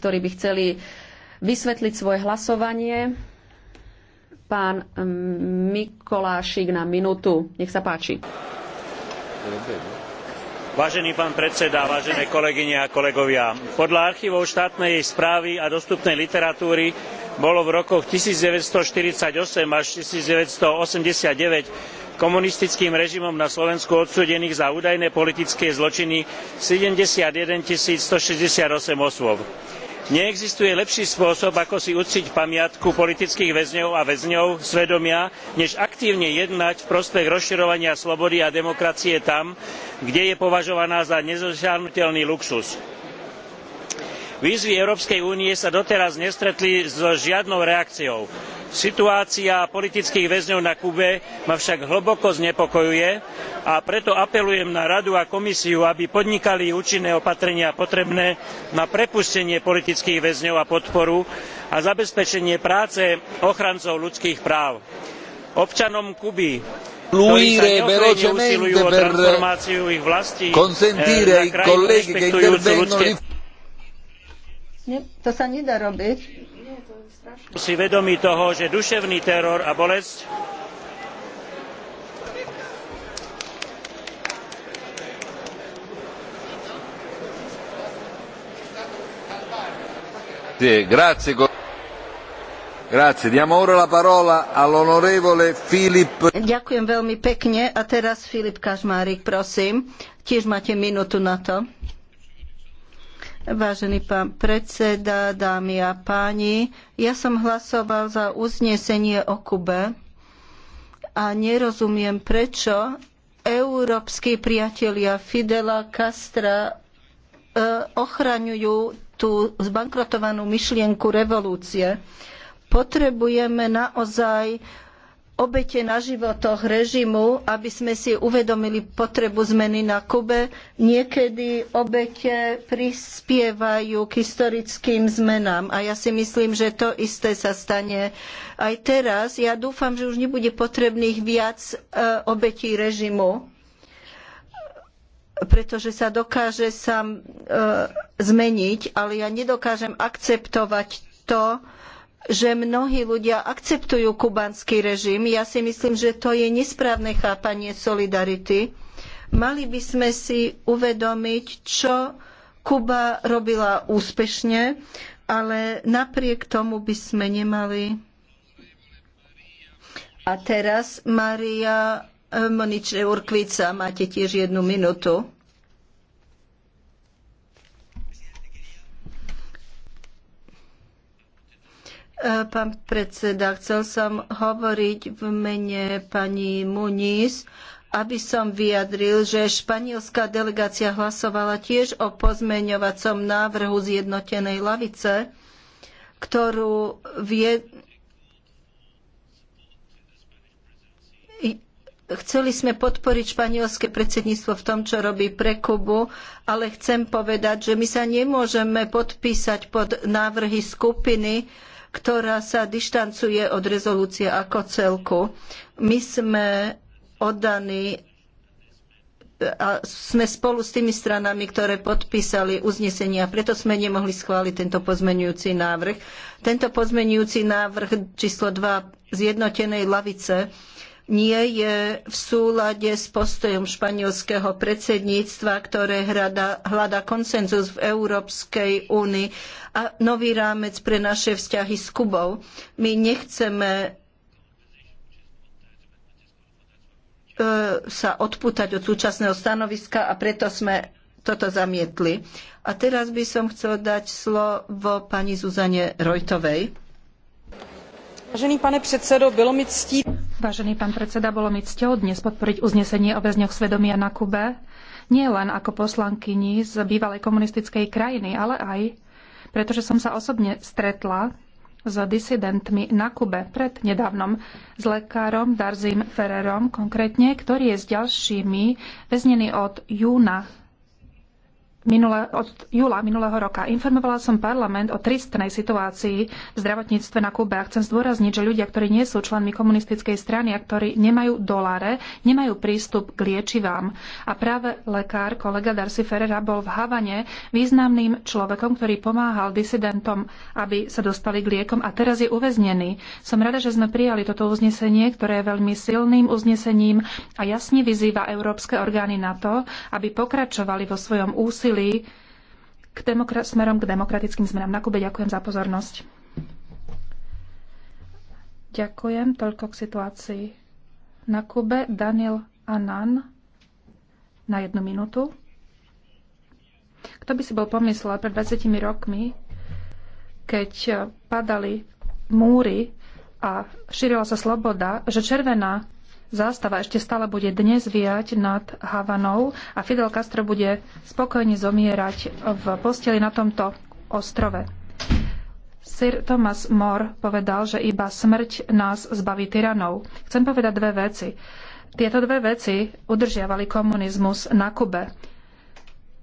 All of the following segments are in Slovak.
ktorí by chceli vysvetliť svoje hlasovanie. Pán Mikolášik na minútu. Nech sa páči. Vážený pán predseda, vážené kolegyne a kolegovia, podľa archívov štátnej správy a dostupnej literatúry bolo v rokoch 1948 až 1989 komunistickým režimom na slovensku odsúdených za údajné politické zločiny 71 168 osôb neexistuje lepší spôsob ako si uctiť pamiatku politických väzňov a väzňov svedomia než aktívne jednať v prospech rozširovania slobody a demokracie tam kde je považovaná za nedosiahnuteľný luxus výzvy európskej únie sa doteraz nestretli so žiadnou reakciou. situácia politických väzňov na kube ma však hlboko znepokojuje a preto apelujem na radu a komisiu aby podnikali účinné opatrenia potrebné na prepustenie politických väzňov a podporu a zabezpečenie práce ochrancov ľudských práv. občanom kuby ktorí sa neochvejne usilujú o transformáciu ich vlasti eh, na krajinu rešpektujúcu ľudské to sa nedá robiť. Si vedomí toho, že duševný teror a bolesť Grazie, grazie. Diamo ora la parola all'onorevole Filip. Ďakujem veľmi pekne a teraz Filip Kažmárik, prosím. Tiež máte minútu na to. Vážený pán predseda, dámy a páni, ja som hlasoval za uznesenie o Kube a nerozumiem, prečo európski priatelia Fidela Castra e, ochraňujú tú zbankrotovanú myšlienku revolúcie. Potrebujeme naozaj obete na životoch režimu, aby sme si uvedomili potrebu zmeny na Kube. Niekedy obete prispievajú k historickým zmenám a ja si myslím, že to isté sa stane aj teraz. Ja dúfam, že už nebude potrebných viac e, obetí režimu pretože sa dokáže sám e, zmeniť, ale ja nedokážem akceptovať to, že mnohí ľudia akceptujú kubanský režim. Ja si myslím, že to je nesprávne chápanie solidarity. Mali by sme si uvedomiť, čo Kuba robila úspešne, ale napriek tomu by sme nemali. A teraz Maria Moniče Urkvica, máte tiež jednu minútu. Eh, pán predseda, chcel som hovoriť v mene pani Muniz, aby som vyjadril, že španielská delegácia hlasovala tiež o pozmeňovacom návrhu zjednotenej lavice, ktorú vie... Chceli sme podporiť španielske predsedníctvo v tom, čo robí pre Kubu, ale chcem povedať, že my sa nemôžeme podpísať pod návrhy skupiny, ktorá sa dištancuje od rezolúcie ako celku. My sme oddaní a sme spolu s tými stranami, ktoré podpísali uznesenia, preto sme nemohli schváliť tento pozmenujúci návrh. Tento pozmenujúci návrh číslo 2 zjednotenej lavice nie je v súlade s postojom španielského predsedníctva, ktoré hľada, hľada konsenzus v Európskej únii a nový rámec pre naše vzťahy s Kubou. My nechceme e, sa odpútať od súčasného stanoviska a preto sme toto zamietli. A teraz by som chcel dať slovo pani Zuzane Rojtovej. Vážený pane predsedo, bylo mi ctí... Vážený pán predseda, bolo mi cťou dnes podporiť uznesenie o väzňoch svedomia na Kube, nie len ako poslankyni z bývalej komunistickej krajiny, ale aj pretože som sa osobne stretla s disidentmi na Kube pred nedávnom s lekárom Darzim Ferrerom konkrétne, ktorý je s ďalšími väznený od júna minule, od júla minulého roka. Informovala som parlament o tristnej situácii v zdravotníctve na Kube a chcem zdôrazniť, že ľudia, ktorí nie sú členmi komunistickej strany a ktorí nemajú doláre, nemajú prístup k liečivám. A práve lekár, kolega Darcy Ferrera, bol v Havane významným človekom, ktorý pomáhal disidentom, aby sa dostali k liekom a teraz je uväznený. Som rada, že sme prijali toto uznesenie, ktoré je veľmi silným uznesením a jasne vyzýva európske orgány na to, aby pokračovali vo svojom úsilí úsilí k demokra- smerom k demokratickým zmenám na Kube. Ďakujem za pozornosť. Ďakujem toľko k situácii na Kube. Daniel Anan na jednu minútu. Kto by si bol pomyslel pred 20 rokmi, keď padali múry a šírila sa sloboda, že červená zástava ešte stále bude dnes viať nad Havanou a Fidel Castro bude spokojne zomierať v posteli na tomto ostrove. Sir Thomas More povedal, že iba smrť nás zbaví tyranov. Chcem povedať dve veci. Tieto dve veci udržiavali komunizmus na Kube.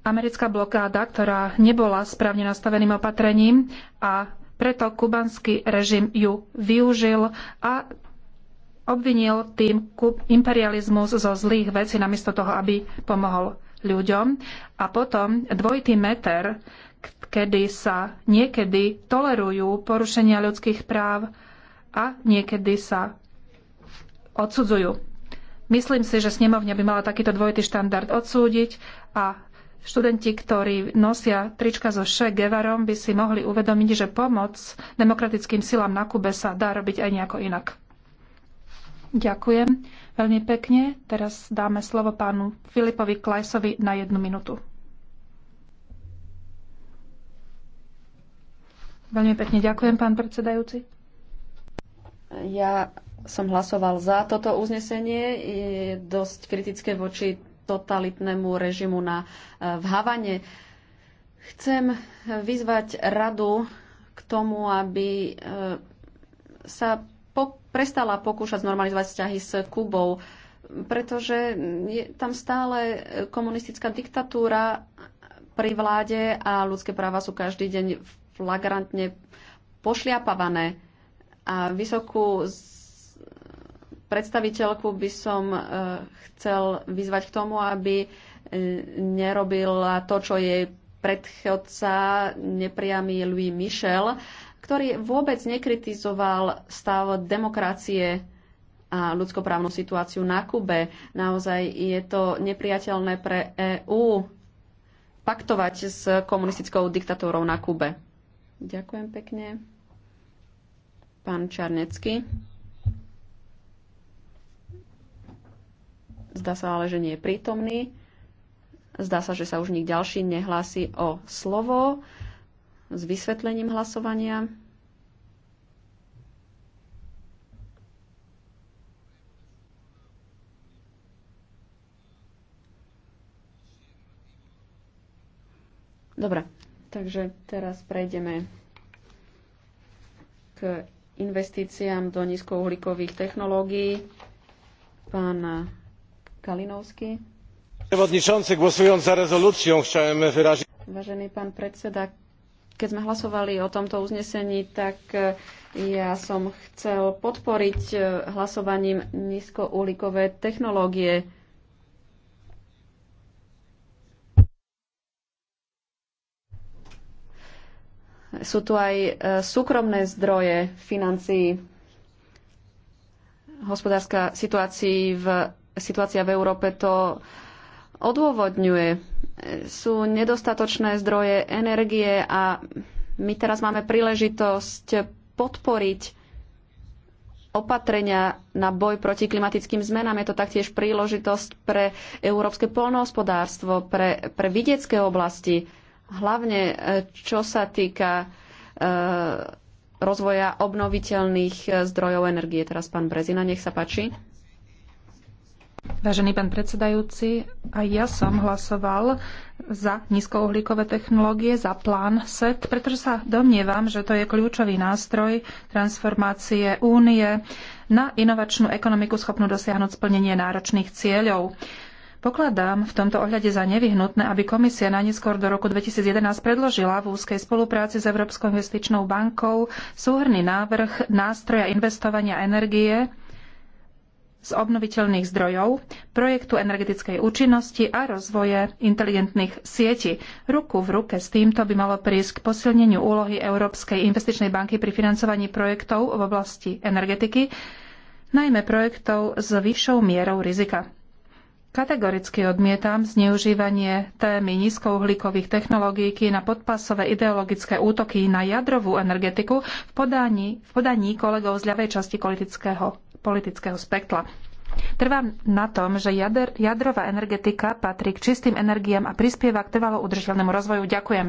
Americká blokáda, ktorá nebola správne nastaveným opatrením a preto kubanský režim ju využil a obvinil tým imperializmus zo zlých vecí, namiesto toho, aby pomohol ľuďom. A potom dvojitý meter, kedy sa niekedy tolerujú porušenia ľudských práv a niekedy sa odsudzujú. Myslím si, že snemovňa by mala takýto dvojitý štandard odsúdiť a študenti, ktorí nosia trička so Che Guevarom, by si mohli uvedomiť, že pomoc demokratickým silám na Kube sa dá robiť aj nejako inak. Ďakujem veľmi pekne. Teraz dáme slovo pánu Filipovi Klajsovi na jednu minútu. Veľmi pekne ďakujem, pán predsedajúci. Ja som hlasoval za toto uznesenie. Je dosť kritické voči totalitnému režimu na, eh, v Havane. Chcem vyzvať radu k tomu, aby eh, sa prestala pokúšať znormalizovať vzťahy s Kubou, pretože je tam stále komunistická diktatúra pri vláde a ľudské práva sú každý deň flagrantne pošliapavané. A vysokú predstaviteľku by som e, chcel vyzvať k tomu, aby e, nerobila to, čo jej predchodca, nepriamy Louis Michel, ktorý vôbec nekritizoval stav demokracie a ľudskoprávnu situáciu na Kube. Naozaj je to nepriateľné pre EÚ paktovať s komunistickou diktatúrou na Kube. Ďakujem pekne. Pán Čarnecký. Zdá sa ale, že nie je prítomný. Zdá sa, že sa už nik ďalší nehlási o slovo s vysvetlením hlasovania. Dobre, takže teraz prejdeme k investíciám do nízkouhlíkových technológií. Pán Kalinovský. Przewodniczący, głosując za rezolucją, chciałem wyrazić... Vážený pán predseda, keď sme hlasovali o tomto uznesení, tak e, ja som chcel podporiť e, hlasovaním nízkouhlíkové technológie. Sú tu aj e, súkromné zdroje financií. Hospodárska situácia v, situácia v Európe to odôvodňuje. E, sú nedostatočné zdroje energie a my teraz máme príležitosť podporiť opatrenia na boj proti klimatickým zmenám. Je to taktiež príležitosť pre európske polnohospodárstvo, pre, pre vidiecké oblasti, hlavne e, čo sa týka e, rozvoja obnoviteľných e, zdrojov energie. Teraz pán Brezina, nech sa páči. Vážený pán predsedajúci, aj ja som hlasoval za nízkouhlíkové technológie, za plán SET, pretože sa domnievam, že to je kľúčový nástroj transformácie únie na inovačnú ekonomiku schopnú dosiahnuť splnenie náročných cieľov. Pokladám v tomto ohľade za nevyhnutné, aby komisia najneskôr do roku 2011 predložila v úzkej spolupráci s Európskou investičnou bankou súhrný návrh nástroja investovania energie z obnoviteľných zdrojov, projektu energetickej účinnosti a rozvoje inteligentných sietí. Ruku v ruke s týmto by malo prísť k posilneniu úlohy Európskej investičnej banky pri financovaní projektov v oblasti energetiky, najmä projektov s vyššou mierou rizika. Kategoricky odmietam zneužívanie témy nízkouhlíkových technológií na podpasové ideologické útoky na jadrovú energetiku v podaní, v podaní kolegov z ľavej časti politického politického spektra. Trvám na tom, že jader, jadrová energetika patrí k čistým energiám a prispieva k trvalo udržiteľnému rozvoju. Ďakujem.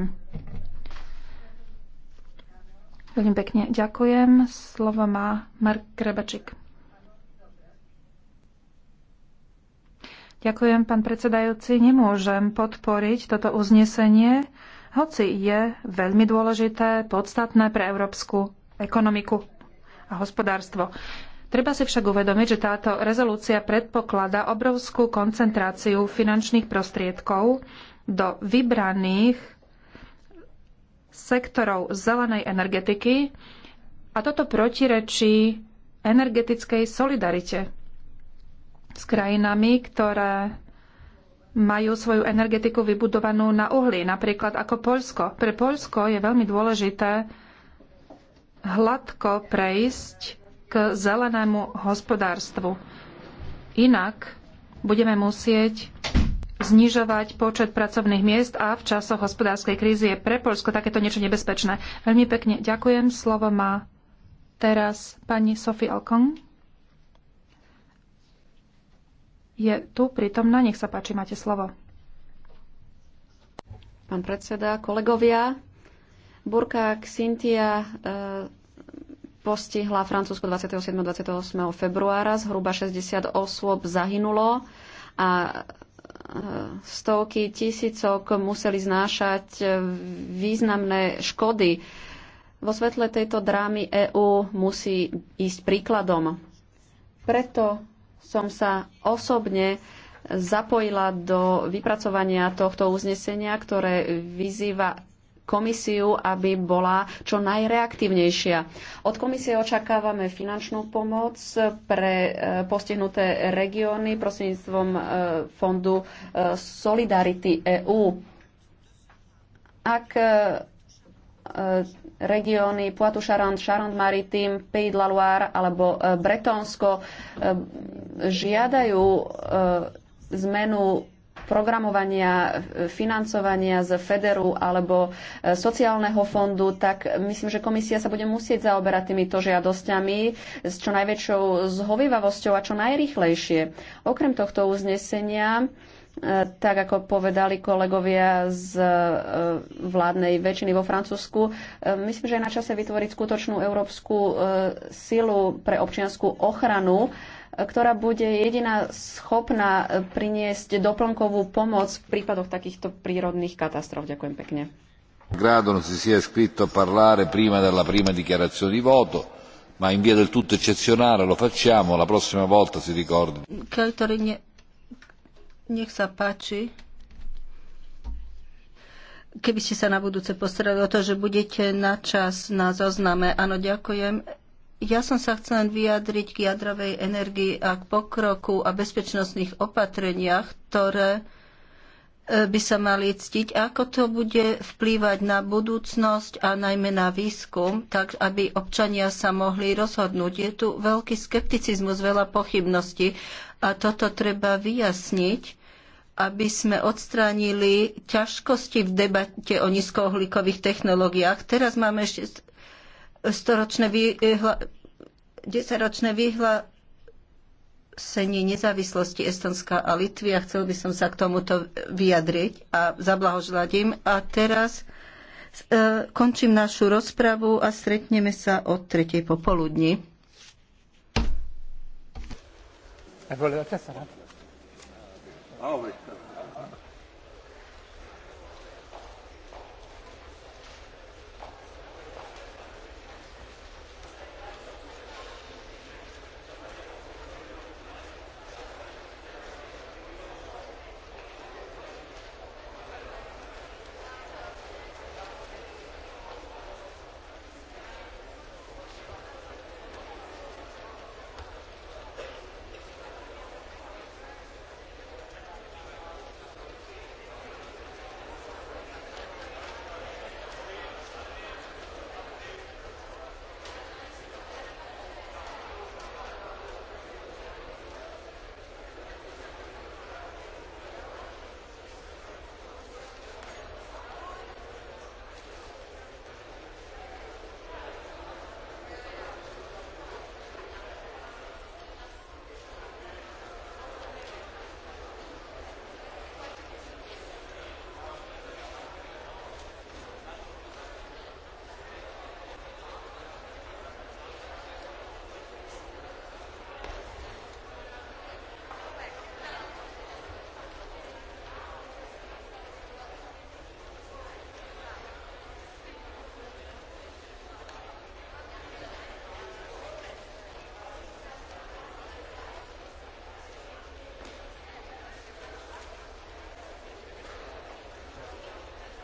Veľmi pekne ďakujem. Slovo má Mark Krebačik. Ďakujem, pán predsedajúci. Nemôžem podporiť toto uznesenie, hoci je veľmi dôležité, podstatné pre európsku ekonomiku a hospodárstvo. Treba si však uvedomiť, že táto rezolúcia predpokladá obrovskú koncentráciu finančných prostriedkov do vybraných sektorov zelenej energetiky a toto protirečí energetickej solidarite s krajinami, ktoré majú svoju energetiku vybudovanú na uhli, napríklad ako Poľsko. Pre Poľsko je veľmi dôležité hladko prejsť k zelenému hospodárstvu. Inak budeme musieť znižovať počet pracovných miest a v časoch hospodárskej krízy je pre Polsko takéto niečo nebezpečné. Veľmi pekne ďakujem. Slovo má teraz pani Sophie Alkon. Je tu prítomná. Nech sa páči, máte slovo. Pán predseda, kolegovia, Burka Xintia eh, postihla Francúzsko 27. 28. februára. Zhruba 60 osôb zahynulo a e, stovky tisícok museli znášať významné škody. Vo svetle tejto drámy EÚ musí ísť príkladom. Preto som sa osobne zapojila do vypracovania tohto uznesenia, ktoré vyzýva komisiu, aby bola čo najreaktívnejšia. Od komisie očakávame finančnú pomoc pre e, postihnuté regióny prostredníctvom e, fondu e, Solidarity EU. Ak regióny Poitou Charente, Charente Maritime, Pays de la Loire alebo Bretonsko žiadajú zmenu programovania, financovania z Federu alebo e, sociálneho fondu, tak myslím, že komisia sa bude musieť zaoberať týmito žiadosťami s čo najväčšou zhovivavosťou a čo najrychlejšie. Okrem tohto uznesenia e, tak ako povedali kolegovia z e, vládnej väčšiny vo Francúzsku, myslím, že je na čase vytvoriť skutočnú európsku silu pre občianskú ochranu ktorá bude jediná schopná eh, priniesť doplnkovú pomoc v prípadoch takýchto prírodných katastrof. Ďakujem pekne. Grado non si sia iscritto a parlare prima della prima dichiarazione di voto, ma in via del tutto eccezionale lo facciamo, la prossima volta si ricordi. Ne, nech sa páči. Keby ste sa na budúce postarali o to, že budete na čas na zozname. Áno, ďakujem. Ja som sa len vyjadriť k jadrovej energii a k pokroku a bezpečnostných opatreniach, ktoré e, by sa mali ctiť, ako to bude vplývať na budúcnosť a najmä na výskum, tak aby občania sa mohli rozhodnúť. Je tu veľký skepticizmus, veľa pochybností a toto treba vyjasniť, aby sme odstránili ťažkosti v debate o nízkouhlíkových technológiách. Teraz máme ešte storočné vyhla, vyhlásenie nezávislosti Estonska a Litvy a chcel by som sa k tomuto vyjadriť a zablahoželať im. A teraz e, končím našu rozpravu a stretneme sa o tretej popoludni. Ah